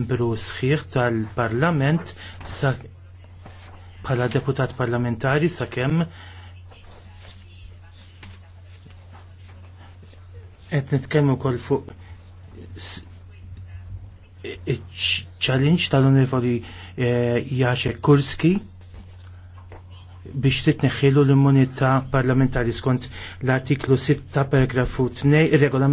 membru sħiħ tal-Parlament bħala deputat parlamentari sakemm qed nitkellmu wkoll fuq challenge tal-Onorevoli eh, Jacek Kurski biex titneħħilu l-immunità parlamentari skont l-artiklu 6 paragrafu 2 regolament